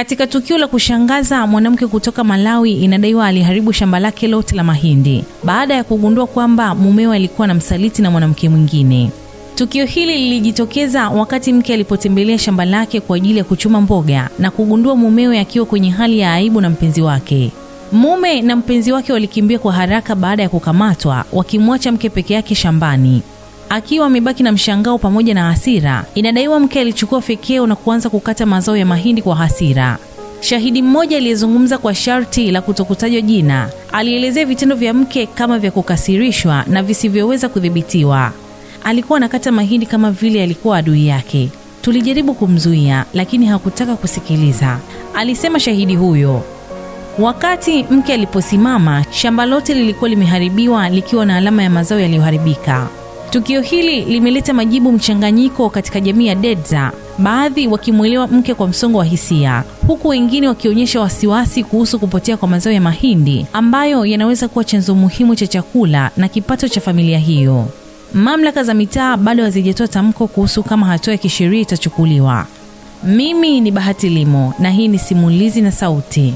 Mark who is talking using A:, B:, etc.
A: Katika tukio la kushangaza, mwanamke kutoka Malawi inadaiwa aliharibu shamba lake lote la mahindi baada ya kugundua kwamba mumewe alikuwa na msaliti na mwanamke mwingine. Tukio hili lilijitokeza wakati mke alipotembelea shamba lake kwa ajili ya kuchuma mboga na kugundua mumewe akiwa kwenye hali ya aibu na mpenzi wake. Mume na mpenzi wake walikimbia kwa haraka baada ya kukamatwa, wakimwacha mke peke yake shambani akiwa amebaki na mshangao pamoja na hasira. Inadaiwa mke alichukua fekeo na kuanza kukata mazao ya mahindi kwa hasira. Shahidi mmoja aliyezungumza kwa sharti la kutokutajwa jina alielezea vitendo vya mke kama vya kukasirishwa na visivyoweza kudhibitiwa. Alikuwa anakata mahindi kama vile alikuwa adui yake. Tulijaribu kumzuia lakini hakutaka kusikiliza, alisema shahidi huyo. Wakati mke aliposimama, shamba lote lilikuwa limeharibiwa likiwa na alama ya mazao yaliyoharibika. Tukio hili limeleta majibu mchanganyiko katika jamii ya Dedza, baadhi wakimwelewa mke kwa msongo wa hisia, huku wengine wakionyesha wasiwasi kuhusu kupotea kwa mazao ya mahindi ambayo yanaweza kuwa chanzo muhimu cha chakula na kipato cha familia hiyo. Mamlaka za mitaa bado hazijatoa tamko kuhusu kama hatua ya kisheria itachukuliwa. Mimi ni Bahati Limo na hii ni Simulizi na Sauti.